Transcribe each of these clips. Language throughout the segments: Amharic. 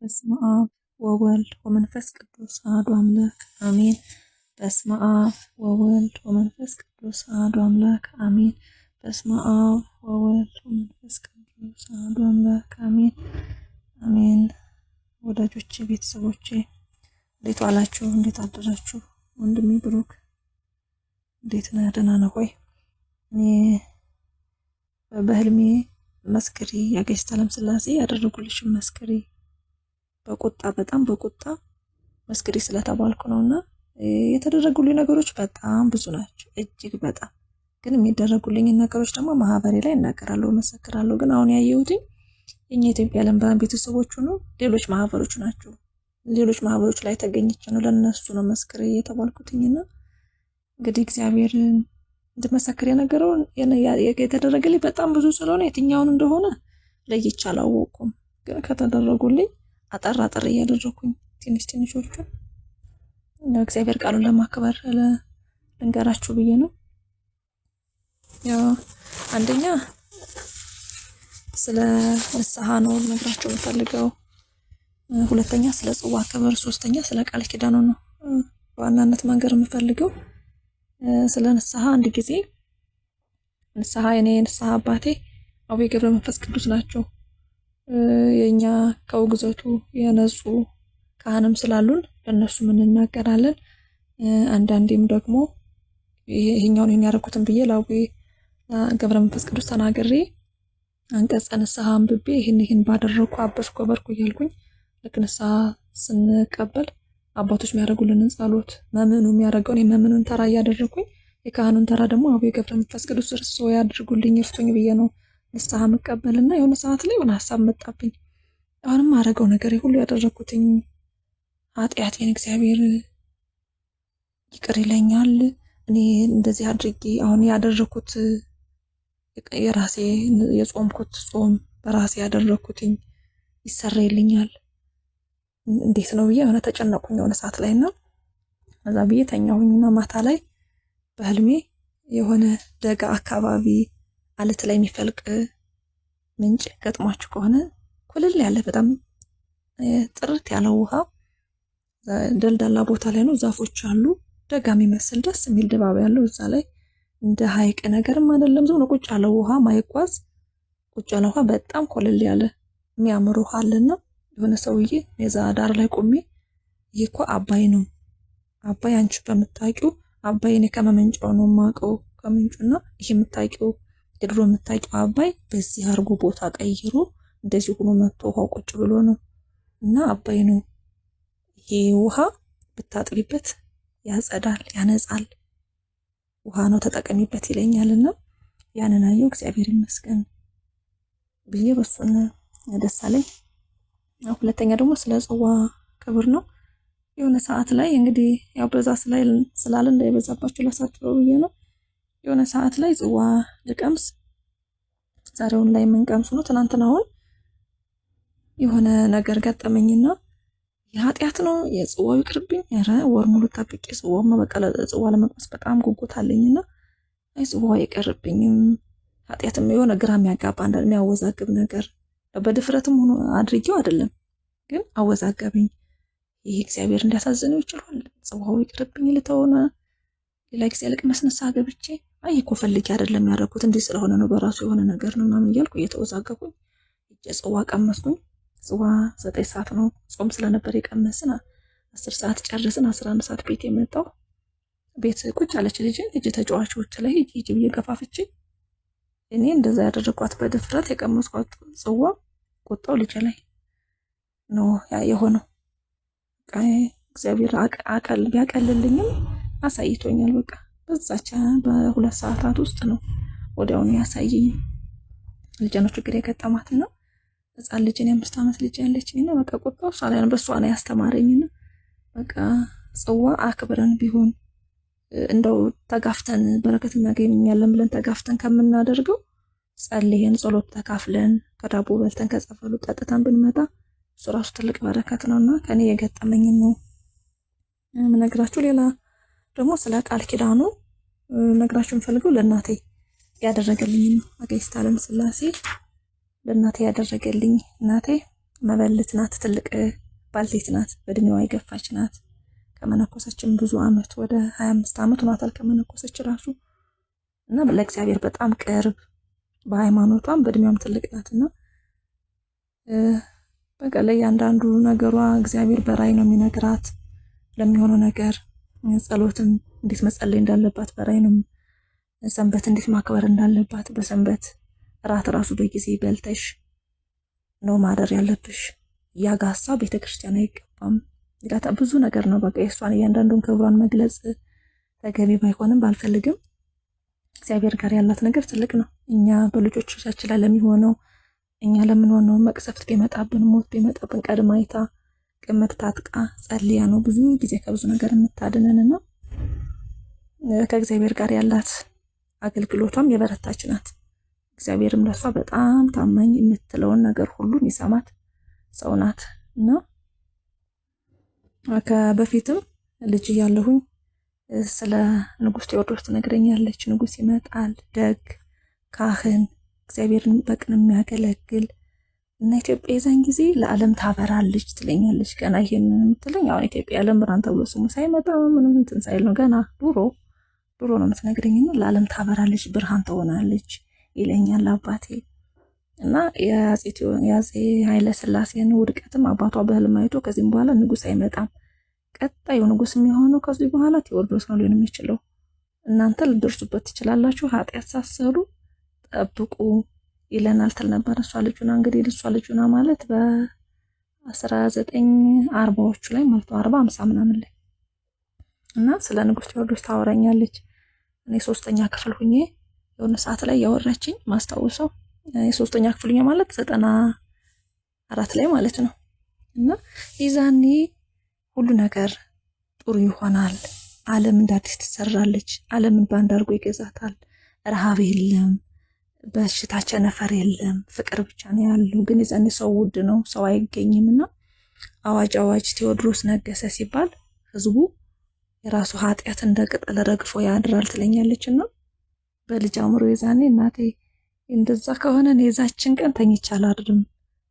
በስመ አብ ወወልድ ወመንፈስ ቅዱስ አሐዱ አምላክ አሜን። በስመ አብ ወወልድ ወመንፈስ ቅዱስ አሐዱ አምላክ አሜን። በስመ አብ ወወልድ ወመንፈስ ቅዱስ አሐዱ አምላክ አሜን አሜን። ወዳጆቼ ቤተሰቦቼ እንዴት ዋላችሁ? እንዴት አደራችሁ? ወንድሜ ብሩክ እንዴት ነህ? ደህና ነህ ወይ? እኔ በህልሜ መስክሪ ያገስታለም ስላሴ ያደረጉልሽን መስክሪ በቁጣ በጣም በቁጣ መስገድ ስለተባልኩ ነው። እና የተደረጉልኝ ነገሮች በጣም ብዙ ናቸው፣ እጅግ በጣም ግን የሚደረጉልኝ ነገሮች ደግሞ ማህበሬ ላይ እናገራለሁ፣ መሰክራለሁ። ግን አሁን ያየሁትኝ እኛ ኢትዮጵያ ለምበራን ቤተሰቦቹ ነው፣ ሌሎች ማህበሮች ናቸው። ሌሎች ማህበሮች ላይ ተገኝቼ ነው ለነሱ ነው መስክሬ የተባልኩትኝና እንግዲህ እግዚአብሔር እንድመሰክር የነገረው የተደረገልኝ በጣም ብዙ ስለሆነ የትኛውን እንደሆነ ለይቼ አላወቅኩም። ግን ከተደረጉልኝ አጠር አጠር እያደረኩኝ ትንሽ ትንሾቹን እግዚአብሔር ቃሉን ለማክበር ልንገራችሁ ብዬ ነው። ያው አንደኛ ስለ ንስሐ ነው ልነግራችሁ የምፈልገው። ሁለተኛ ስለ ጽዋ ክብር፣ ሶስተኛ ስለ ቃል ኪዳኑ ነው በዋናነት መንገር የምፈልገው። ስለ ንስሐ አንድ ጊዜ ንስሐ የኔ ንስሐ አባቴ አቡነ ገብረ መንፈስ ቅዱስ ናቸው። የእኛ ከውግዘቱ የነጹ ካህንም ስላሉን በእነሱም እንናገራለን። አንዳንዴም ደግሞ ይሄኛውን ይህን ያደረኩትን ብዬ ላዊ ገብረ መንፈስ ቅዱስ ተናግሬ አንቀጸ ንስሐ አንብቤ ይህን ይህን ባደረግኩ አበስኩ ጎበርኩ እያልኩኝ ልክ ንስሐ ስንቀበል አባቶች የሚያደርጉልንን ጸሎት መምኑ የሚያደርገውን የመምኑን ተራ እያደረግኩኝ የካህኑን ተራ ደግሞ አቡ ገብረ መንፈስ ቅዱስ እርሶ ያድርጉልኝ እርሱኝ ብዬ ነው ንስሐ መቀበልና የሆነ ሰዓት ላይ የሆነ ሀሳብ መጣብኝ። አሁንም አረገው ነገር ሁሉ ያደረግኩትኝ ኃጢአቴን እግዚአብሔር ይቅር ይለኛል። እኔ እንደዚህ አድርጌ አሁን ያደረኩት የራሴ የጾምኩት ጾም በራሴ ያደረግኩትኝ ይሰራይልኛል እንዴት ነው ብዬ የሆነ ተጨነቁኝ የሆነ ሰዓት ላይ እና ከዛ ብዬ ተኛሁኝና ማታ ላይ በህልሜ የሆነ ደጋ አካባቢ አለት ላይ የሚፈልቅ ምንጭ ገጥሟችሁ ከሆነ ኩልል ያለ በጣም ጥርት ያለ ውሃ ደልዳላ ቦታ ላይ ነው። ዛፎች አሉ። ደጋሚ መስል ደስ የሚል ድባብ ያለው እዛ ላይ እንደ ሀይቅ ነገርም አይደለም። ዝም ቁጭ ያለ ውሃ ማይጓዝ ቁጭ ያለ ውሃ በጣም ኮልል ያለ የሚያምር ውሃ አለና የሆነ ሰውዬ የዛ ዳር ላይ ቆሜ ይህ እኮ አባይ ነው አባይ አንቺ በምታውቂው አባይ እኔ ከመመንጫው ነው የማውቀው ከምንጩና ይህ የምታውቂው ድሮ የምታውቂው አባይ በዚህ አርጎ ቦታ ቀይሮ እንደዚህ ሆኖ መጥቶ ውሃ ቁጭ ብሎ ነው እና አባይ ነው ይሄ ውሃ ብታጥቢበት ያጸዳል፣ ያነጻል፣ ውሃ ነው ተጠቀሚበት ይለኛል ያንን አየሁ። እግዚአብሔር ይመስገን ብዬ በሱን ደስ አለኝ። ሁለተኛ ደግሞ ስለ ጽዋ ክብር ነው። የሆነ ሰዓት ላይ እንግዲህ ያው በዛ ስላለ እንዳይበዛባቸው ላሳትበው ብዬ ነው የሆነ ሰዓት ላይ ጽዋ ልቀምስ ዛሬውን ላይ የምንቀምሱ ነው። አሁን የሆነ ነገር ገጠመኝና የኃጢአት ነው የጽዋው ይቅርብኝ። ኧረ ወር ሙሉ ጠብቄ ጽዋ መበቀለ ጽዋ ለመቅመስ በጣም ጉጉት አለኝና አይ ጽዋ ይቅርብኝም ኃጢአትም የሆነ ግራ የሚያጋባ አንዳንድ የሚያወዛግብ ነገር በድፍረትም ሆኖ አድርጌው አይደለም ግን አወዛገብኝ። ይህ እግዚአብሔር እንዲያሳዝነው ይችላል። ጽዋው ይቅርብኝ ልተውና ሌላ ጊዜ ልቅመስ ንስሐ ገብቼ አይ እኮ ፈልጌ አይደለም ያደረኩት እንዲህ ስለሆነ ነው በራሱ የሆነ ነገር ነው ምናምን እያልኩ እየተወዛገብኩኝ እጀ ጽዋ ቀመስኩኝ። ጽዋ ዘጠኝ ሰዓት ነው ጾም ስለነበር የቀመስን አስር ሰዓት ጨርስን። አስራ አንድ ሰዓት ቤት የመጣው ቤት ቁጭ አለች ልጅ እጅ ተጫዋቾች ላይ እጅ ብዬ ገፋፍቼ እኔ እንደዛ ያደረግኳት በድፍረት የቀመስኳት ጽዋ ቁጣው ልጅ ላይ ነው የሆነው። እግዚአብሔር ቢያቀልልኝም አሳይቶኛል በቃ በዛቻ በሁለት ሰዓታት ውስጥ ነው ወዲያውኑ ያሳየኝ። ልጅ ነው ችግር የገጠማት ነው ህፃን ልጅ የአምስት ዓመት ልጅ ያለች ነው። በቃ ቁጣው እሷ ላይ ነው በእሷ ላይ ያስተማረኝ ነው። በቃ ጽዋ አክብረን ቢሆን እንደው ተጋፍተን በረከት እናገኛለን ብለን ተጋፍተን ከምናደርገው ጸልየን ጸሎት ተካፍለን ከዳቦ በልተን ከጸፈሉ ጠጥተን ብንመጣ እሱ ራሱ ትልቅ በረከት ነው እና ከኔ የገጠመኝ ነው ምነግራችሁ ሌላ ደግሞ ስለ ቃል ኪዳኑ ነግራችሁ የምፈልገው ለእናቴ ያደረገልኝ ነው። አገስታ ዓለም ለእናቴ ያደረገልኝ። እናቴ መበለት ናት፣ ትልቅ ባልቴት ናት፣ በእድሜዋ የገፋች ናት። ከመነኮሰችን ብዙ አመት ወደ ሀያ አምስት አመት ሆኗታል ከመነኮሰች ራሱ እና ለእግዚአብሔር በጣም ቅርብ በሃይማኖቷም በእድሜዋም ትልቅ ናት እና በቃ ለእያንዳንዱ ነገሯ እግዚአብሔር በራይ ነው የሚነግራት ለሚሆነው ነገር ጸሎትም እንዴት መጸለይ እንዳለባት በራይንም ሰንበት እንዴት ማክበር እንዳለባት በሰንበት ራት ራሱ በጊዜ በልተሽ ነው ማደር ያለብሽ። ያጋሳ ቤተ ክርስቲያን አይገባም። ጋታ ብዙ ነገር ነው በቃ የእሷን እያንዳንዱን ክብሯን መግለጽ ተገቢ ባይሆንም ባልፈልግም እግዚአብሔር ጋር ያላት ነገር ትልቅ ነው። እኛ በልጆቻችን ላይ ለሚሆነው እኛ ለምንሆነው መቅሰፍት ቢመጣብን ሞት ቢመጣብን ቀድማ አይታ ቅምር ታጥቃ ጸልያ ነው ብዙ ጊዜ ከብዙ ነገር የምታድነንና ከእግዚአብሔር ጋር ያላት አገልግሎቷም የበረታች ናት። እግዚአብሔርም ለሷ በጣም ታማኝ የምትለውን ነገር ሁሉ የሚሰማት ሰው ናት እና ከበፊትም ልጅ እያለሁኝ ስለ ንጉስ ቴዎድሮስ ትነግረኛለች። ንጉስ ይመጣል፣ ደግ ካህን፣ እግዚአብሔርን በቅን የሚያገለግል እና ኢትዮጵያ የዛን ጊዜ ለዓለም ታበራለች ትለኛለች። ገና ይሄን የምትለኝ አሁን ኢትዮጵያ ዓለም ብርሃን ተብሎ ስሙ ሳይመጣ ምንም እንትን ሳይል ነው ገና ዱሮ ዱሮ ነው የምትነግረኝና ለዓለም ታበራለች፣ ብርሃን ትሆናለች ይለኛል አባቴ እና የአፄ ኃይለ ስላሴን ውድቀትም አባቷ በህልም አይቶ ከዚህም በኋላ ንጉስ አይመጣም፣ ቀጣዩ ንጉስ የሚሆነው ከዚህ በኋላ ቴዎድሮስ ነው ሊሆን የሚችለው እናንተ ልደርሱበት ትችላላችሁ፣ ኃጢአት ሳሰሉ ጠብቁ ይለናል ትል ነበር። እሷ ልጁና እንግዲህ ልሷ ልጁና ማለት በአስራ ዘጠኝ አርባዎቹ ላይ ማለት አርባ አምሳ ምናምን ላይ እና ስለ ንጉስ ቴዎድሮስ ታወራኛለች። እኔ ሶስተኛ ክፍል ሁኜ የሆነ ሰዓት ላይ ያወራችኝ ማስታወሰው የሶስተኛ ክፍል ሁኜ ማለት ዘጠና አራት ላይ ማለት ነው እና ይዛኔ ሁሉ ነገር ጥሩ ይሆናል። ዓለም እንደ አዲስ ትሰራለች። ዓለምን በአንድ አድርጎ ይገዛታል። ረሃብ የለም በሽታ ቸነፈር የለም፣ ፍቅር ብቻ ነው ያለው። ግን የዛኔ ሰው ውድ ነው፣ ሰው አይገኝም እና አዋጅ አዋጅ ቴዎድሮስ ነገሰ ሲባል ህዝቡ የራሱ ኃጢአት እንደ ቅጠል ረግፎ ያድራል ትለኛለች እና በልጅ አእምሮ የዛኔ እናቴ እንደዛ ከሆነ የዛችን ቀን ተኝቼ አላድርም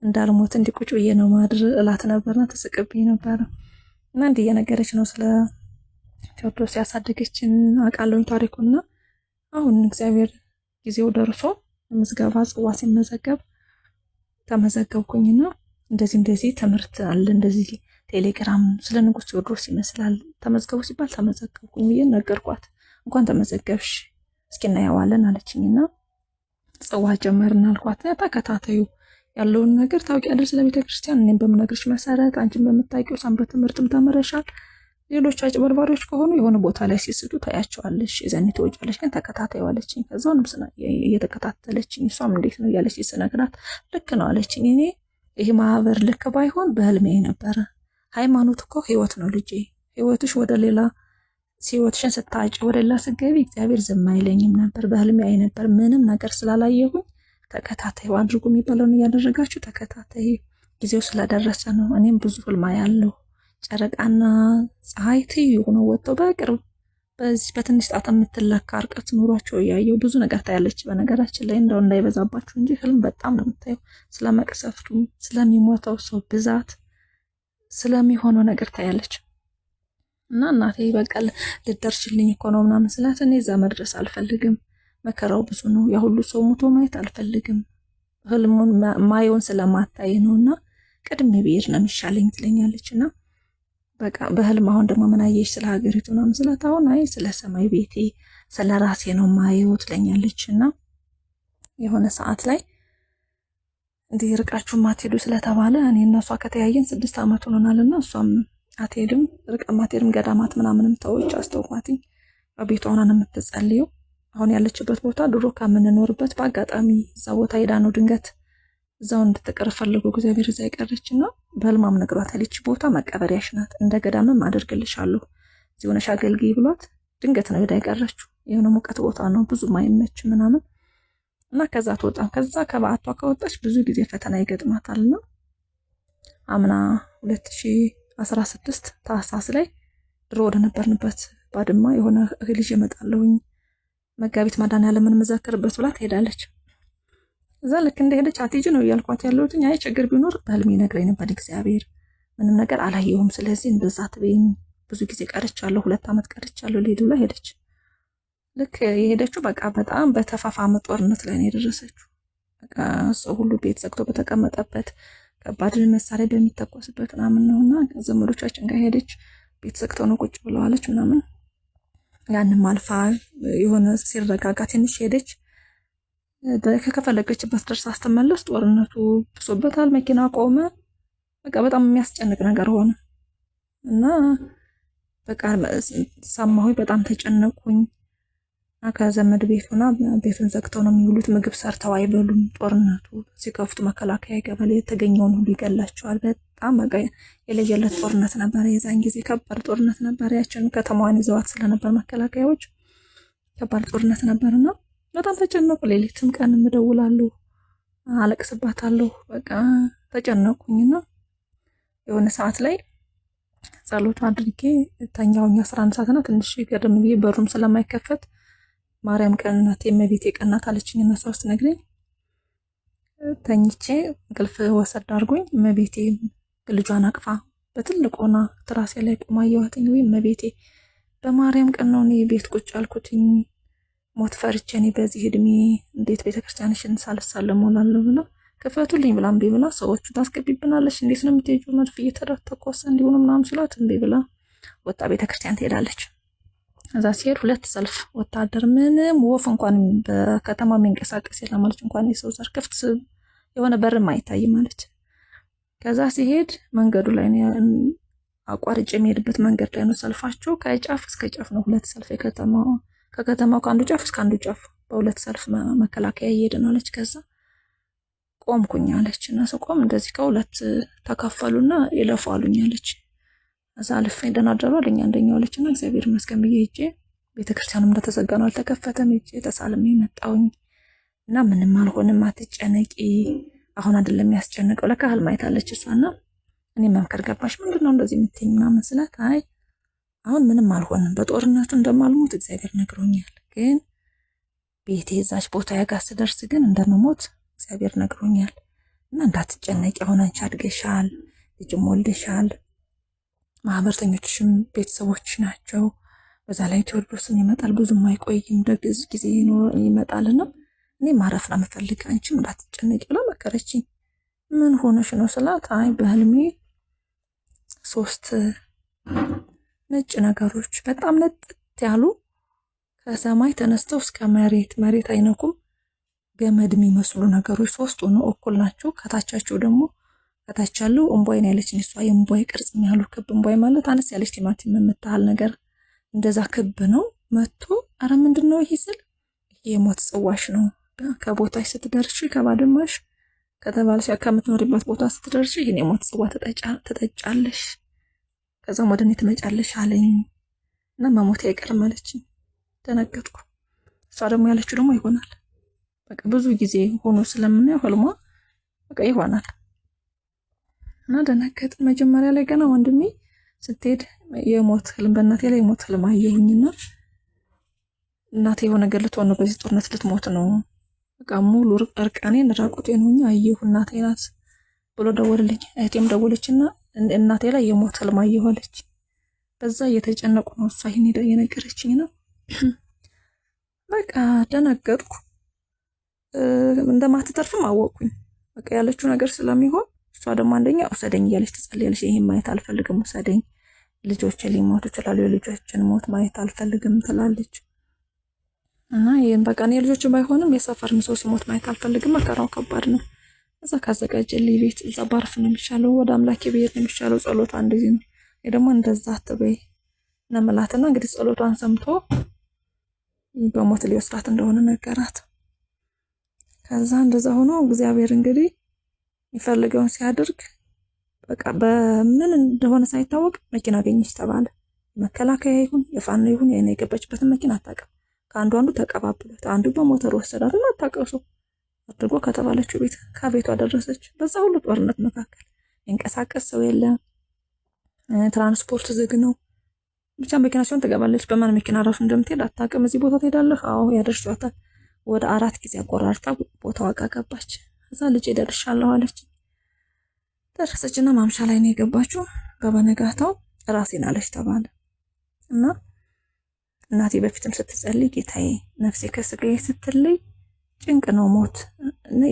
እንዳልሞት እንዲቁጭ ብዬ ነው ማድር እላት ነበርና ተስቅብኝ ነበረ እና እንዲህ እየነገረች ነው ስለ ቴዎድሮስ ያሳደገችን አቃለኝ ታሪኩና አሁን እግዚአብሔር ጊዜው ደርሶ ምዝገባ ጽዋ ሲመዘገብ ተመዘገብኩኝና እንደዚህ እንደዚህ ትምህርት አለ እንደዚህ ቴሌግራም ስለ ንጉስ ቴዎድሮስ ይመስላል ተመዝገቡ ሲባል ተመዘገብኩኝ ብዬ ነገርኳት። እንኳን ተመዘገብሽ እስኪ እናየዋለን አለችኝና ጽዋ ጀመርን አልኳት። ተከታተዩ ያለውን ነገር ታውቂያለሽ ስለ ቤተክርስቲያን፣ እኔም በምነግርሽ መሰረት አንቺን በምታውቂው ሰንበት ትምህርትም ተምረሻል ሌሎች አጭበርባሪዎች ከሆኑ የሆነ ቦታ ላይ ሲስዱ ታያቸዋለች፣ የዘኒ ትወጫለሽ። ግን ተከታታይ ተከታታይዋለችኝ። ከዛውንም እየተከታተለችኝ እሷም እንዴት ነው እያለች ስነግራት ልክ ነው አለችኝ። እኔ ይህ ማህበር ልክ ባይሆን በህልሜ ነበረ። ሃይማኖት እኮ ህይወት ነው ልጄ። ህይወትሽ ወደ ሌላ ህይወትሽን ስታጭ ወደ ሌላ ስገቢ እግዚአብሔር ዝም አይለኝም ነበር። በህልሜ አይ ነበር ምንም ነገር ስላላየሁኝ ተከታታይ አድርጉ የሚባለውን እያደረጋችሁ ተከታታይ ጊዜው ስለደረሰ ነው። እኔም ብዙ ህልማ ያለሁ ጨረቃና ፀሐይ ትይዩ ሆነው ወጥተው በቅርብ በዚህ በትንሽ ጣት የምትለካ እርቀት ኑሯቸው እያየው ብዙ ነገር ታያለች። በነገራችን ላይ እንደው እንዳይበዛባችሁ እንጂ ህልም በጣም ነው የምታየው። ስለ መቅሰፍቱ፣ ስለሚሞተው ሰው ብዛት፣ ስለሚሆነው ነገር ታያለች። እና እናቴ በቀል ልደርሽልኝ እኮ ነው ምናምን ስላት እኔ እዛ መድረስ አልፈልግም፣ መከራው ብዙ ነው፣ የሁሉ ሰው ሙቶ ማየት አልፈልግም፣ ህልሙን ማየውን ስለማታይ ነው እና ቅድሜ ብሄድ ነው የሚሻለኝ ትለኛለች እና በቃ በህልም አሁን ደግሞ ምን አየሽ ስለ ሀገሪቱ ነው ምስለት አሁን አይ ስለ ሰማይ ቤቴ ስለ ራሴ ነው ማየው ትለኛለች። እና የሆነ ሰዓት ላይ እንዲህ ርቃችሁ ማትሄዱ ስለተባለ እኔ እና እሷ ከተያየን ስድስት ዓመት ሆኖናል። እና እሷም አትሄድም ርቀ ማትሄድም ገዳማት ምናምንም ተወች አስተውኳት በቤቷ ሆና ነው የምትጸልየው። አሁን ያለችበት ቦታ ድሮ ከምንኖርበት በአጋጣሚ እዛ ቦታ ሄዳ ነው ድንገት እዛው እንድትቀር ፈለገው እግዚአብሔር እዛ የቀረች ነው። በህልማም ነግሯታል። ይቺ ቦታ መቀበሪያሽ ናት፣ እንደ ገዳምም አደርግልሻለሁ እዚህ ሆነሽ አገልግይ ብሏት፣ ድንገት ነው ሄዳ የቀረችው። የሆነ ሙቀት ቦታ ነው ብዙ ማይመች ምናምን እና ከዛ ትወጣ ከዛ ከበዓቷ ከወጣች ብዙ ጊዜ ፈተና ይገጥማታል ነው አምና 2016 ታህሳስ ላይ ድሮ ወደ ነበርንበት ባድማ የሆነ ልጅ እመጣለሁኝ መጋቢት ማዳን ያለምን መዘክርበት ብላ ትሄዳለች። እዛ ልክ እንደሄደች አትሄጂ ነው እያልኳት ያለሁትኝ። አይ ችግር ቢኖር በህልሜ ነግረኝ ነበር እግዚአብሔር፣ ምንም ነገር አላየሁም። ስለዚህ እንደዛ ትበይኝ። ብዙ ጊዜ ቀርቻለሁ፣ ሁለት ዓመት ቀርቻለሁ። ልሂድ ብላ ሄደች። ልክ የሄደችው በቃ በጣም በተፋፋመ ጦርነት ላይ ነው የደረሰችው። በቃ ሰው ሁሉ ቤት ዘግቶ በተቀመጠበት ከባድ መሳሪያ በሚተኮስበት ምናምን ነውና ዘመዶቻችን ጋር ሄደች። ቤት ዘግተው ነው ቁጭ ብለዋለች ምናምን። ያንም አልፋ የሆነ ሲረጋጋ ትንሽ ሄደች ከከፈለገችበት ደርስ ስትመለስ ጦርነቱ ብሶበታል፣ መኪና ቆመ። በቃ በጣም የሚያስጨንቅ ነገር ሆነ እና በቃ ሰማሁ፣ በጣም ተጨነቅኩኝ። ከዘመድ ቤት ሆና ቤቱን ዘግተው ነው የሚውሉት። ምግብ ሰርተው አይበሉም። ጦርነቱ ሲከፍቱ መከላከያ ይገባል፣ የተገኘውን ሁሉ ይገላቸዋል። በጣም በቃ የለየለት ጦርነት ነበር የዛን ጊዜ ከባድ ጦርነት ነበር። ያችን ከተማዋን ይዘዋት ስለነበር መከላከያዎች ከባድ ጦርነት ነበርና በጣም ተጨነቁ። ሌሊትም ቀን እደውላለሁ፣ አለቅስባታለሁ። በቃ ተጨነቁኝና የሆነ ሰዓት ላይ ጸሎት አድርጌ ተኛውኝ። አስራ አንድ ሰዓትና ትንሽ ገደም ብዬ በሩም ስለማይከፈት ማርያም ቀናት የመቤት ቀናት አለችኝ እና ሶስት ተኝቼ እንቅልፍ ወሰድ አድርጎኝ መቤቴ ልጇን አቅፋ በትልቅ ሆና ትራሴ ላይ ቁማ እየዋትኝ ወይም መቤቴ በማርያም ቀን ነው እኔ ቤት ቁጭ አልኩትኝ ሞት ፈርቼ እኔ በዚህ እድሜ እንዴት ቤተክርስቲያንሽን ሳልሳለም እውላለሁ ብላ ክፈቱልኝ ብላ እምቢ ብላ ሰዎቹ ታስገቢብናለች፣ እንዴት ነው የምትሄጂው? መድፍ እየተራተኳሳ እንዲሆኑ ምናምን ሲሏት እምቢ ብላ ወጣ ቤተክርስቲያን ትሄዳለች። እዛ ሲሄድ ሁለት ሰልፍ ወታደር ምንም ወፍ እንኳን በከተማ የሚንቀሳቀስ የለም አለች። እንኳን የሰው ዘር ክፍት የሆነ በርም አይታይም ማለች። ከዛ ሲሄድ መንገዱ ላይ አቋርጭ የሚሄድበት መንገድ ላይ ነው ሰልፋቸው። ከጫፍ እስከ ጫፍ ነው ሁለት ሰልፍ የከተማ ከከተማው ከአንዱ ጫፍ እስከ አንዱ ጫፍ በሁለት ሰልፍ መከላከያ እየሄድን አለች። ከዛ ቆምኩኝ አለች እና ስቆም እንደዚህ ከሁለት ተካፈሉና ይለፉ አሉኝ አለች። እዛ ልፌ እንደናደሩ አለኝ አንደኛው አለች እና እግዚአብሔር ይመስገን ብዬ ሄጄ ቤተክርስቲያኑ እንደተዘጋ ነው አልተከፈተም። ሄጄ ተሳልሜ መጣሁኝ እና ምንም አልሆንም፣ አትጨነቂ አሁን አይደለም የሚያስጨንቀው። ለካ ህልም አይታለች እሷና እኔ መምከር ገባሽ ምንድን ነው እንደዚህ የምትይኝ ምናምን ስላት አይ አሁን ምንም አልሆንም። በጦርነቱ እንደማልሞት እግዚአብሔር ነግሮኛል። ግን ቤቴ እዛች ቦታ ያጋ ስደርስ ግን እንደምሞት እግዚአብሔር ነግሮኛል እና እንዳትጨነቂ፣ አሁን አንቺ አድገሻል፣ ልጅም ወልደሻል። ማህበርተኞችሽም ቤተሰቦች ናቸው። በዛ ላይ ቴዎድሮስም ይመጣል፣ ብዙም አይቆይም፣ ደግዝ ጊዜ ይመጣልና እኔ ማረፍ ነው የምፈልግ፣ አንቺም እንዳትጨነቂ ብላ መከረችኝ። ምን ሆነሽ ነው ስላት፣ አይ በህልሜ ሶስት ነጭ ነገሮች በጣም ነጥት ያሉ ከሰማይ ተነስተው እስከ መሬት መሬት አይነኩም ገመድ የሚመስሉ ነገሮች ሶስቱ ነው እኩል ናቸው። ከታቻቸው ደግሞ ከታች ያለው እምቧይ ነው ያለች እሷ የእምቧይ ቅርጽ ያሉ ክብ እምቧይ ማለት አነስ ያለች ቲማቲም የምታህል ነገር እንደዛ ክብ ነው መቶ አረ ምንድን ነው ይህ ስል የሞት ጽዋሽ ነው ከቦታሽ ስትደርሺ ከባድማሽ ከተባለ ከምትኖሪበት ቦታ ስትደርሺ ይህን የሞት ጽዋ ትጠጫለሽ። ከዛም ወደ እኔ ትመጫለሽ አለኝ እና መሞቴ አይቀርም አለችኝ። ደነገጥኩ። እሷ ደግሞ ያለችው ደግሞ ይሆናል በቃ ብዙ ጊዜ ሆኖ ስለምናየው ህልሟ በቃ ይሆናል እና ደነገጥ መጀመሪያ ላይ ገና ወንድሜ ስትሄድ የሞት ህልም በእናቴ ላይ የሞት ህልም አየሁኝና እናቴ የሆነ ነገር ልትሆን ነው፣ በዚህ ጦርነት ልትሞት ነው፣ በቃ ሙሉ እርቃኔን ራቁቴን ሆኜ አየሁ እናቴ ናት ብሎ ደወልልኝ። እህቴም ደወለችና እናቴ ላይ የሞት ልማ አየዋለች። በዛ እየተጨነቁ ነው። እሷ ይህን ሄደው እየነገረችኝ ነው። በቃ ደነገጥኩ። እንደማትተርፍም አወቅኩኝ። በቃ ያለችው ነገር ስለሚሆን እሷ ደግሞ አንደኛ ውሰደኝ እያለች ትጸልያለች። ይህም ማየት አልፈልግም፣ ውሰደኝ፣ ልጆች ሊሞቱ ይችላሉ፣ የልጆችን ሞት ማየት አልፈልግም ትላለች። እና ይህም በቃ እኔ ልጆች ባይሆንም የሰፈርን ሰው ሲሞት ማየት አልፈልግም፣ መከራው ከባድ ነው። እዛ ካዘጋጀልኝ ቤት እዛ ባርፍ ነው የሚሻለው፣ ወደ አምላኬ ብሄድ ነው የሚሻለው። ጸሎቷ እንደዚህ ነው። ይህ ደግሞ እንደዛ አትበይ ነመላትና እንግዲህ ጸሎቷን ሰምቶ በሞት ሊወስዳት እንደሆነ ነገራት። ከዛ እንደዛ ሆኖ እግዚአብሔር እንግዲህ የሚፈልገውን ሲያደርግ በቃ በምን እንደሆነ ሳይታወቅ መኪና አገኘች ተባለ። መከላከያ ይሁን የፋኖ ይሁን የገባችበትን መኪና አታውቅም። ከአንዱ አንዱ ተቀባብሏት፣ አንዱ በሞተር ወሰዳትና አታውቀው ሰው አድርጎ ከተባለችው ቤት ከቤቷ ደረሰች። በዛ ሁሉ ጦርነት መካከል ይንቀሳቀስ ሰው የለ፣ ትራንስፖርት ዝግ ነው። ብቻ መኪና ሲሆን ትገባለች። በማን መኪና ራሱ እንደምትሄድ አታውቅም። እዚህ ቦታ ትሄዳለህ? አዎ ያደርሷታል። ወደ አራት ጊዜ አቆራርጣ ቦታ አውቃ ገባች። እዛ ልጅ ደርሻለሁ አለች። ደረሰችና ማምሻ ላይ ነው የገባችው። በበነጋታው ራሴን አለች ተባለ እና እናቴ በፊትም ስትጸልይ ጌታዬ ነፍሴ ከስጋዬ ስትለይ ጭንቅ ነው ሞት፣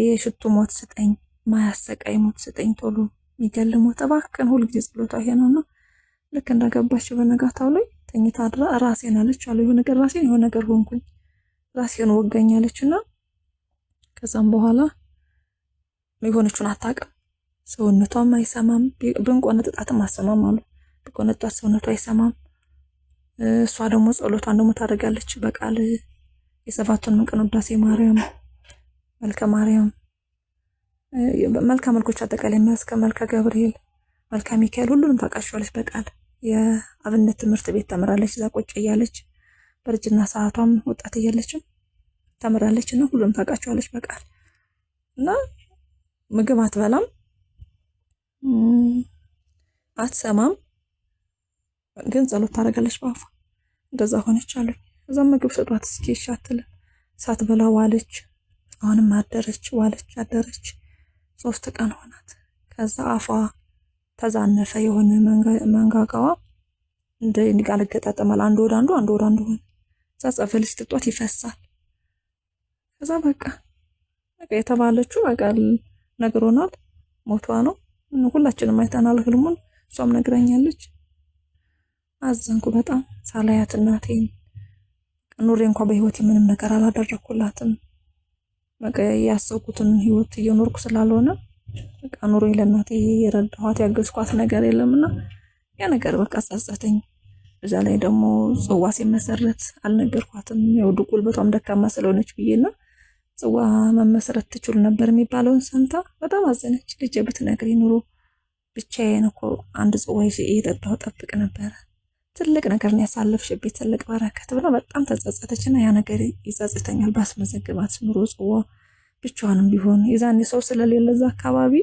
የሽቱ ሞት ስጠኝ፣ ማያሰቃይ ሞት ስጠኝ፣ ቶሎ የሚገል ሞት እባክን። ሁልጊዜ ጸሎቷ ይሄ ነው ነውና ልክ እንዳገባቸው በነጋታው ላይ ተኝታ አድራ ራሴን አለች አለ የሆነ ነገር ራሴን የሆነ ነገር ሆንኩኝ ራሴን ወጋኛለች እና ከዛም በኋላ የሆነችን አታውቅም። ሰውነቷም አይሰማም። ብንቆነጥጣትም አሰማም አሉ ብንቆነጥጣት ሰውነቷ አይሰማም። እሷ ደግሞ ጸሎቷን ደግሞ ታደርጋለች በቃል የሰባቱንም ቀን ውዳሴ ማርያም፣ መልከ ማርያም፣ መልካ መልኮች፣ አጠቃላይ መስከ መልካ ገብርኤል፣ መልካ ሚካኤል ሁሉንም ታውቃቸዋለች። በቃል የአብነት ትምህርት ቤት ተምራለች። እዛ ቁጭ እያለች በእርጅና ሰዓቷም ወጣት እያለችም ተምራለች እና ሁሉንም ታውቃቸዋለች በቃል እና ምግብ አትበላም አትሰማም፣ ግን ጸሎት ታደርጋለች በአፏ። እንደዛ ሆነች አሉኝ። እዛ ምግብ ስጧት እስኪ ይሻትል ሳትበላ ዋለች። አሁንም አደረች፣ ዋለች፣ አደረች። ሶስት ቀን ሆናት። ከዛ አፏ ተዛነፈ፣ የሆነ መንጋጋዋ እንደ ጋር ገጣጠመል አንድ ወደ አንዱ ሆነ። እዛ ጸበል ስትጧት ይፈሳል። ከዛ በቃ በቃ የተባለችው በቃ ነግሮናል። ሞቷ ነው። ሁላችንም አይተናል ህልሙን። እሷም ነግረኛለች አዘንኩ በጣም ሳላያት እናቴን ኑሬ እንኳ በህይወት ምንም ነገር አላደረኩላትም። በቃ ያሰብኩትን ህይወት እየኖርኩ ስላልሆነ በቃ ኑሬ ለእናቴ የረዳኋት ያገዝኳት ነገር የለምና ያ ነገር በቃ ጸጸተኝ። በዛ ላይ ደግሞ ጽዋ ሲመሰረት አልነገርኳትም። ያው በጣም ደካማ ስለሆነች ብዬና ጽዋ መመሰረት ትችሉ ነበር የሚባለውን ሰምታ በጣም አዘነች። ልጄ ብትነግሪ ኑሮ ብቻዬን እኮ አንድ ጽዋ ይዤ እየጠጣሁ ጠብቅ ነበረ ትልቅ ነገር ነው ያሳለፍሽብኝ፣ ትልቅ በረከት ብላ በጣም ተጸጸተች። እና ያ ነገር ይጸጽተኛል ባስመዘግባት ኑሮ ጽዋ ብቻዋንም ቢሆን የዛኔ ሰው ስለሌለ እዛ አካባቢ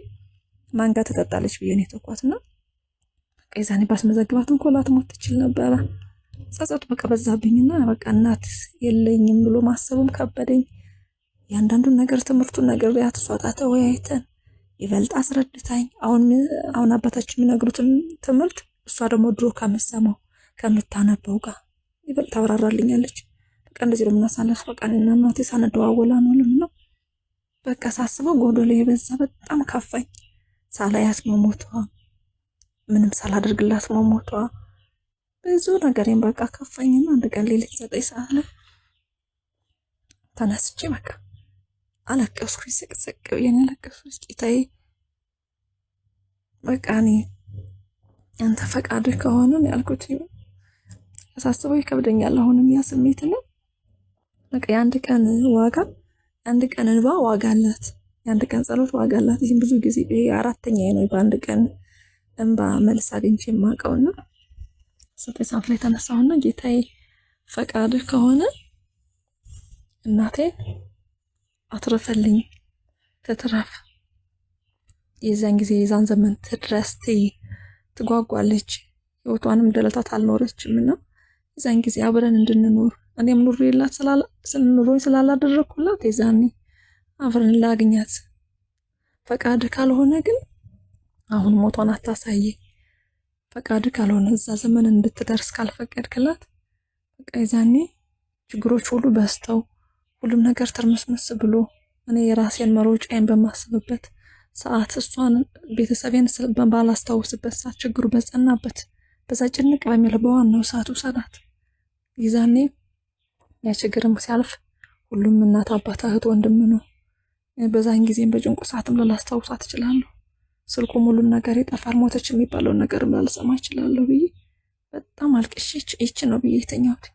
ማንጋ ተጠጣለች ብዬ ነው የተኳት እና የዛኔ ባስመዘግባት እንኳ ሞት ትችል ነበረ። ጸጸቱ በቃ በዛብኝና በቃ እናት የለኝም ብሎ ማሰቡም ከበደኝ። ያንዳንዱን ነገር ትምህርቱን ነገር ያ ተወያይተን ይበልጥ አስረድታኝ አሁን አሁን አባታችን የሚነግሩትን ትምህርት እሷ ደግሞ ድሮ ከምሰማው ከምታነበው ጋር ይበልጥ ታብራራልኛለች። በቃ እንደዚህ ነው የምናሳለፍ። በቃ እናቴ ሳንደዋወል አንውልም ነው በቃ ሳስበው ጎዶሎ የበዛ በጣም ከፋኝ። ሳላያት መሞቷ፣ ምንም ሳላደርግላት መሞቷ ብዙ ነገሬን በቃ ከፋኝና አንድ ቀን ሌሊት ዘጠኝ ሰዓት ላይ ተነስቼ በቃ አለቀስኩኝ። ስቅስቅ ብዬን ያለቀስኩ ጌታዬ በቃ እኔ ያንተ ፈቃድ ከሆነ ያልኩት ይሁን ሳስበው ይከብደኛል። አሁንም ያ ስሜት ነው። በቃ የአንድ ቀን ዋጋ የአንድ ቀን እንባ ዋጋ አላት። የአንድ ቀን ጸሎት ዋጋ አላት። ይህም ብዙ ጊዜ አራተኛ ነው በአንድ ቀን እንባ መልስ አግኝቼ የማውቀውና ዘጠኝ ሰዓት ላይ ተነሳሁና ጌታዬ ፈቃድ ከሆነ እናቴ አትረፈልኝ ትትረፍ፣ የዚያን ጊዜ የዛን ዘመን ትድረስ፣ ትጓጓለች፣ ህይወቷንም ደለታት አልኖረችም እና ዛን ጊዜ አብረን እንድንኖር እኔም ኑሬላት ኑሮኝ ስላላደረግኩላት የዛኔ አብረን ላግኛት ፈቃድ ካልሆነ ግን አሁን ሞቷን አታሳየ። ፈቃድ ካልሆነ እዛ ዘመን እንድትደርስ ካልፈቀድክላት በቃ የዛኔ ችግሮች ሁሉ በስተው ሁሉም ነገር ትርምስምስ ብሎ እኔ የራሴን መሮጫዬን በማስብበት ሰዓት እሷን ቤተሰቤን ባላስታውስበት ሰዓት ችግሩ በጸናበት በዛ ጭንቅ በሚል በዋናው ሰዓት ውሰዳት። ይዛኔ ያ ችግርም ሲያልፍ ሁሉም እናት፣ አባት፣ እህት፣ ወንድም ነው። በዛን ጊዜም በጭንቁ ሰዓትም ላላስታውሳት እችላለሁ። ስልኩም ሁሉም ነገር ይጠፋል። ሞተች የሚባለውን ነገርም ላልሰማ እችላለሁ ብዬ በጣም አልቅሼ ይች ነው ብዬ የተኛሁት።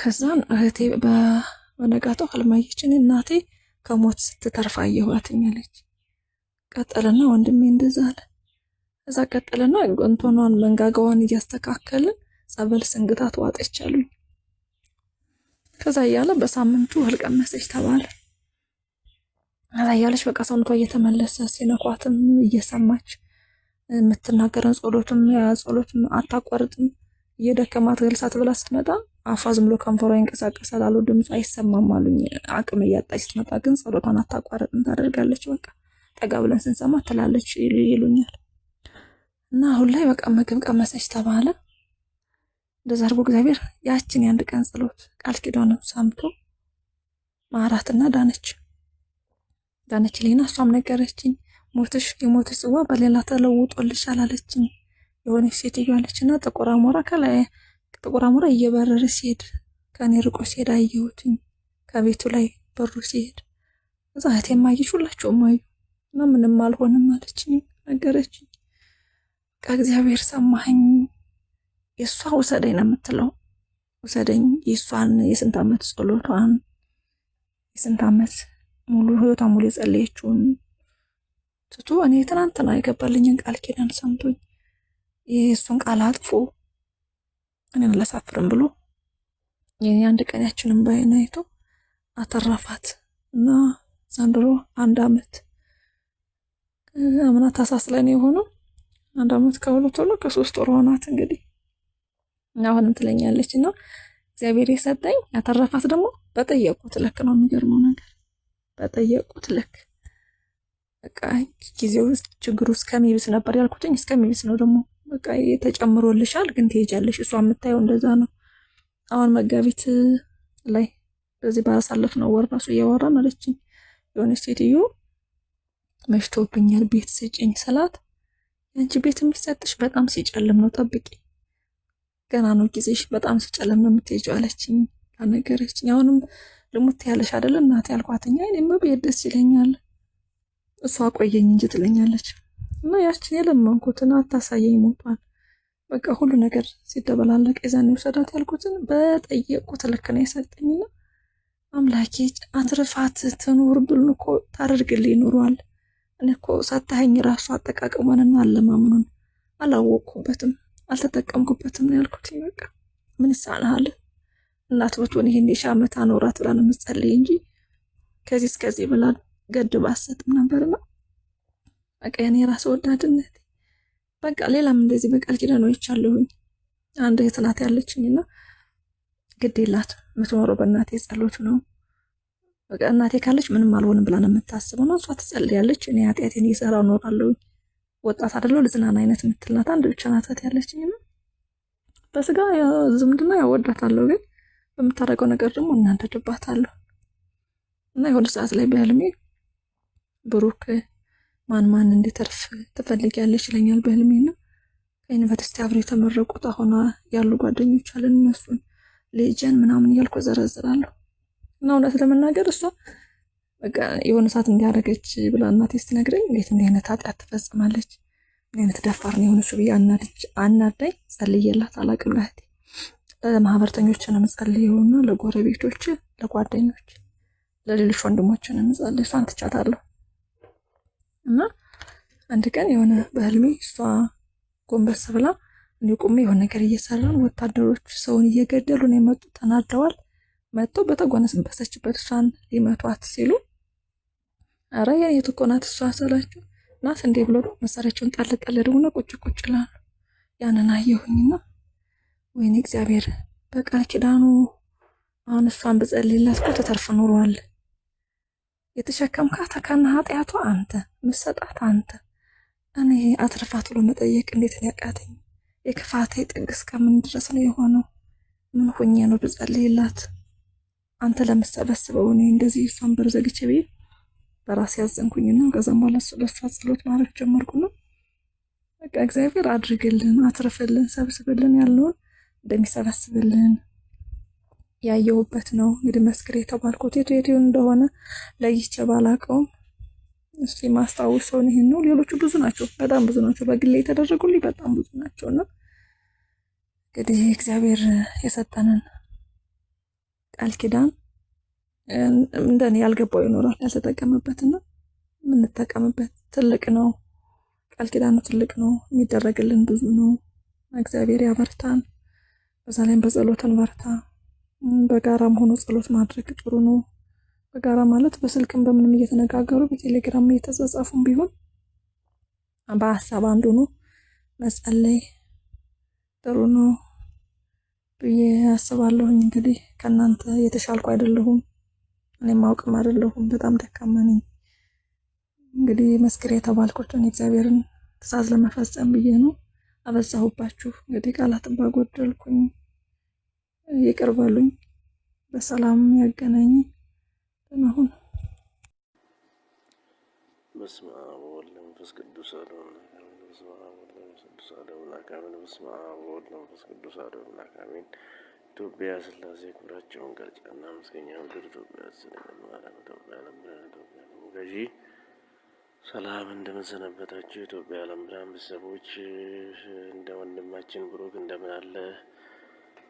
ከዛን እህቴ በነጋታው አልማየችን እናቴ ከሞት ስትተርፋ እየዋትኛለች ቀጠለና ወንድሜ እንደዛ አለ። እዛ ቀጠለና ጎንቶኗን መንጋጋዋን እያስተካከልን ጸበል ስንግታት ዋጠች አሉኝ። ከዛ እያለ በሳምንቱ አልቀመሰች ተባለ። ከዛ እያለች በቃ ሰውነቷ እየተመለሰ ሲነኳትም እየሰማች የምትናገረን ጸሎትም ጸሎትም አታቋርጥም። እየደከማት ገልሳት ብላ ስትመጣ አፏ ዝም ብሎ ከንፈሯ ይንቀሳቀሳል አሉ። ድምፁ አይሰማም አሉኝ። አቅም እያጣች ስትመጣ ግን ጸሎቷን አታቋርጥም ታደርጋለች። በቃ ጠጋ ብለን ስንሰማ ትላለች ይሉኛል። እና አሁን ላይ በቃ ምግብ ቀመሰች ተባለ። እንደዛ አድርጎ እግዚአብሔር ያችን የአንድ ቀን ጸሎት ቃል ኪዳንም ሰምቶ ማራትና ዳነች። ዳነች ሌና እሷም ነገረችኝ። ሞትሽ የሞትሽ ጽዋ በሌላ ተለውጦልሻል አለችኝ የሆነች ሴትዮ አለችና ጥቁር አሞራ ከላይ ጥቁር አሞራ እየበረረ ሲሄድ ከኔ ርቆ ሲሄድ አየሁትኝ ከቤቱ ላይ በሩ ሲሄድ እዛ እህቴም አየች፣ ሁላችሁም አዩ እና ምንም አልሆንም አለችኝ ነገረችኝ። ከእግዚአብሔር ሰማኸኝ የእሷ ውሰደኝ ነው የምትለው። ውሰደኝ የእሷን የስንት ዓመት ጸሎቷን የስንት ዓመት ሙሉ ህይወቷ ሙሉ የጸለየችውን ትቶ እኔ ትናንትና የገባልኝን ቃል ኪዳን ሰምቶኝ የእሱን ቃል አጥፎ እኔን አላሳፍርም ብሎ የኔ አንድ ቀን ያችንን ባይን አይቶ አተረፋት እና ዘንድሮ አንድ ዓመት አምና ታሳስለን የሆነው አንድ ዓመት ከሁለት ወር ከሶስት ወር ሆናት እንግዲህ አሁንም ትለኛለች እና እግዚአብሔር የሰጠኝ ያተረፋት ደግሞ በጠየቁት ልክ ነው። የሚገርመው ነገር በጠየቁት ልክ በቃ ጊዜው ችግሩ እስከሚብስ ነበር ያልኩትኝ፣ እስከሚብስ ነው ደግሞ በቃ ተጨምሮልሻል፣ ግን ትሄጃለሽ። እሷ የምታየው እንደዛ ነው። አሁን መጋቢት ላይ በዚህ ባሳለፍ ነው ወር ራሱ እያወራን አለችኝ የሆነ ሴትዮ መሽቶብኛል ቤት ስጭኝ ስላት፣ አንቺ ቤት የሚሰጥሽ በጣም ሲጨልም ነው ጠብቂ ገና ነው ጊዜሽ፣ በጣም ስጨለም ነው የምትሄጂው አለችኝ አሁንም ልሙት ያለሽ አይደል እናቴ አልኳትኛ። እኔማ ብሄድ ደስ ይለኛል፣ እሷ አቆየኝ እንጂ ትለኛለች። እና ያችን የለመንኩትን አታሳየኝ ሞቷል፣ በቃ ሁሉ ነገር ሲደበላለቅ የዛን ውሰዳት ያልኩትን በጠየቁት ልክ ነው የሰጠኝና አምላኬ አትርፋት ትኑር ብሉን እኮ ታደርግልኝ ይኑሯል። እኔ እኮ ሳታየኝ ራሱ አጠቃቀሟንና አለማምኑን አላወቅኩበትም። አልተጠቀምኩበትም ነው ያልኩት። በቃ ምን ይሳናሃል? እናት ብትሆን ይሄን የሺ ዓመት አኖራት ብላ ነው የምትጸልይ እንጂ ከዚህ እስከዚህ ብላ ገድብ ነበር። ነው በቃ የኔ ራስ ወዳድነት በቃ ሌላም እንደዚህ በቃል ኪዳን ይቻለሁኝ አንድ ያለችኝ እና ግድ የላት የምትኖረው በእናቴ ጸሎት ነው። በቃ እናቴ ካለች ምንም አልሆንም ብላ ነው የምታስበው ነው እሷ ትጸልያለች። እኔ ኃጢአቴን እየሰራ እኖራለሁኝ። ወጣት አደለው ልዝናና አይነት የምትልናት አንድ ብቻ ናታት ያለችኝ ነው። በስጋ ዝምድና ያወዳታለሁ፣ ግን በምታደርገው ነገር ደግሞ እናደድባታለሁ። እና የሆነ ሰዓት ላይ በህልሜ ብሩክ ማን ማን እንዲተርፍ ትፈልጊያለሽ ይለኛል በህልሜ ነው። ከዩኒቨርሲቲ አብረው የተመረቁት አሁን ያሉ ጓደኞች አለን እነሱን ልጅን ምናምን እያልኩ ዘረዝራለሁ እና እውነት ለመናገር እሷ በቃ የሆነ ሰዓት እንዲያደረገች ብላ እናቴ ስትነግረኝ እንዴት እንዲህ አይነት ኃጢአት ትፈጽማለች? ምን አይነት ደፋር ነው የሆነችው ብዬ አናዳኝ። ጸልየላት አላቅም ለእህቴ ለማህበርተኞች ነው የምጸልየውና ለጎረቤቶች፣ ለጓደኞች፣ ለሌሎች ወንድሞች ነው የምጸልይ። እሷን ትቻታለሁ እና አንድ ቀን የሆነ በህልሜ እሷ ጎንበስ ብላ እንዲሁ ቁሜ የሆነ ነገር እየሰራን ወታደሮች ሰውን እየገደሉ ነው የመጡት። ተናደዋል። መጥቶ በተጎነበሰችበት እሷን ሊመቷት ሲሉ አረ የቱ እኮ ናት እሷ ስላቸው ናት እንዴ ብሎ መሳሪያቸውን ጣልቀለ ጣል ቁጭ ቁጭ ላሉ ያንን አየሁኝና ወይኔ እግዚአብሔር በቃል ኪዳኑ አሁን እሷን ብጸልይላት እኮ ትተርፍ ኑሯል። የተሸከምካት ከነ ኃጢአቷ አንተ ምሰጣት አንተ እኔ አትርፋት ብሎ መጠየቅ እንዴት ያቃተኝ? የክፋቴ ጥግ እስከምን ድረስ ነው የሆነው? ምን ሆኜ ነው ብጸልይላት አንተ ለምሰበስበው እኔ እንደዚህ እሷን በር ዘግቼ ብዬ በራሴ ያዘንኩኝና ከዛም በኋላ እሱ ለእሷ ጸሎት ማድረግ ጀመርኩና በቃ እግዚአብሔር አድርግልን፣ አትርፍልን፣ ሰብስብልን ያለውን እንደሚሰበስብልን ያየሁበት ነው። እንግዲህ መስክር የተባልኩት የቱ የቱ እንደሆነ ለይቼ ባላውቀውም እስኪ ማስታውሰውን ይህን ነው። ሌሎቹ ብዙ ናቸው፣ በጣም ብዙ ናቸው። በግሌ የተደረጉልኝ በጣም ብዙ ናቸው እና እንግዲህ እግዚአብሔር የሰጠንን ቃል ኪዳን እንደኔ ያልገባው ይኖራል ያልተጠቀምበትና የምንጠቀምበት ትልቅ ነው። ቃል ኪዳኑ ትልቅ ነው። የሚደረግልን ብዙ ነው። እግዚአብሔር ያበርታን። በዛ ላይም በጸሎት እንበርታ። በጋራም ሆኖ ጸሎት ማድረግ ጥሩ ነው። በጋራ ማለት በስልክም በምንም እየተነጋገሩ በቴሌግራም እየተጻጻፉም ቢሆን በሀሳብ አንዱ ነው መጸለይ ጥሩ ነው ብዬ አስባለሁኝ። እንግዲህ ከእናንተ የተሻልኩ አይደለሁም። እኔ ማውቅም አይደለሁም በጣም ደካማ ነኝ። እንግዲህ መስክር የተባልኩትን እግዚአብሔርን ትእዛዝ ለመፈጸም ብዬ ነው። አበዛሁባችሁ። እንግዲህ ቃላትን ባጎደልኩኝ ይቅር በሉኝ። በሰላም ያገናኝ አሁን በስመ አብ ወወልድ ወመንፈስ ቅዱስ አሐዱ አምላክ አሜን። ኢትዮጵያ ስላሴ ክብራቸውን ገልጫና መስገኛ ምድር ኢትዮጵያ ስለማለም ኢትዮጵያ ለምብርሃን ኢትዮጵያ ገዢ ሰላም እንደምንሰነበታችሁ ኢትዮጵያ ለምብርሃን ቤተሰቦች እንደ ወንድማችን ብሩክ እንደምን አለ?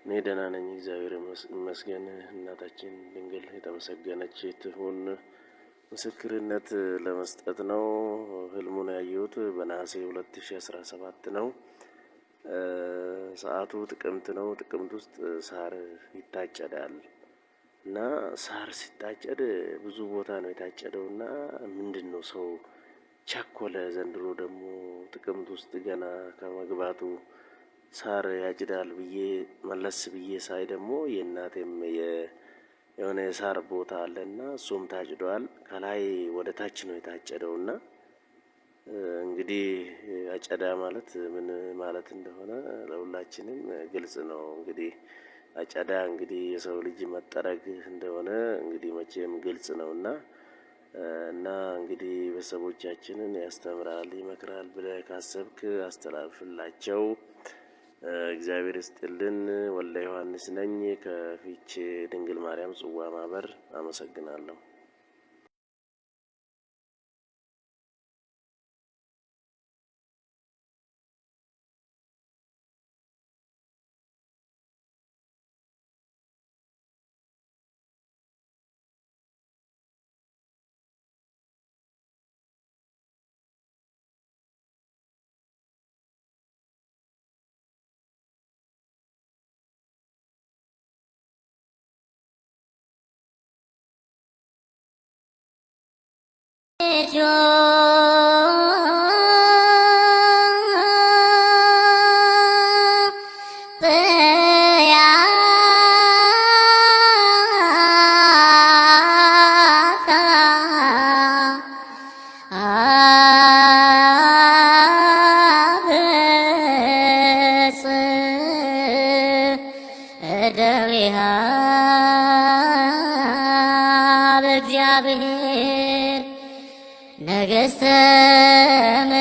እኔ ደህና ነኝ፣ እግዚአብሔር ይመስገን። እናታችን ድንግል የተመሰገነች ትሁን። ምስክርነት ለመስጠት ነው። ህልሙን ያየሁት በነሐሴ ሁለት ሺ አስራ ሰባት ነው። ሰዓቱ ጥቅምት ነው። ጥቅምት ውስጥ ሳር ይታጨዳል እና ሳር ሲታጨድ ብዙ ቦታ ነው የታጨደው እና ምንድን ነው ሰው ቸኮለ። ዘንድሮ ደግሞ ጥቅምት ውስጥ ገና ከመግባቱ ሳር ያጭዳል ብዬ መለስ ብዬ ሳይ ደግሞ የእናቴም የሆነ የሳር ቦታ አለ እና እሱም ታጭደዋል። ከላይ ወደ ታች ነው የታጨደው እና እንግዲህ አጨዳ ማለት ምን ማለት እንደሆነ ለሁላችንም ግልጽ ነው። እንግዲህ አጨዳ እንግዲህ የሰው ልጅ መጠረግ እንደሆነ እንግዲህ መቼም ግልጽ ነው እና እና እንግዲህ ቤተሰቦቻችንን ያስተምራል፣ ይመክራል ብለህ ካሰብክ አስተላልፍላቸው። እግዚአብሔር ይስጥልን። ወልደ ዮሐንስ ነኝ ከፊቼ ድንግል ማርያም ጽዋ ማህበር። አመሰግናለሁ። have ነገሥተ